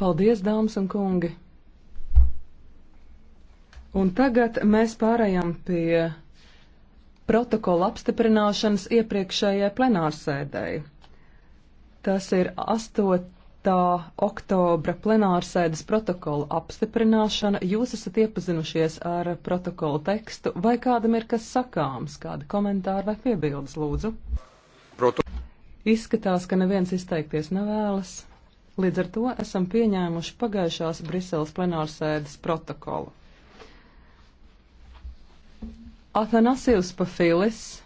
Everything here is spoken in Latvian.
Paldies, dāmas un kungi! Un tagad mēs pārējām pie protokola apstiprināšanas iepriekšējai plenārsēdēji. Tas ir 8. oktobra plenārsēdes protokola apstiprināšana. Jūs esat iepazinušies ar protokola tekstu, vai kādam ir kas sakāms, kādi komentāri vai piebildes lūdzu? Proto... Izskatās, ka neviens izteikties nevēlas. Līdz ar to esam pieņēmuši pagājušās Briseles plenārsēdes protokolu. Atanasijus Pafilis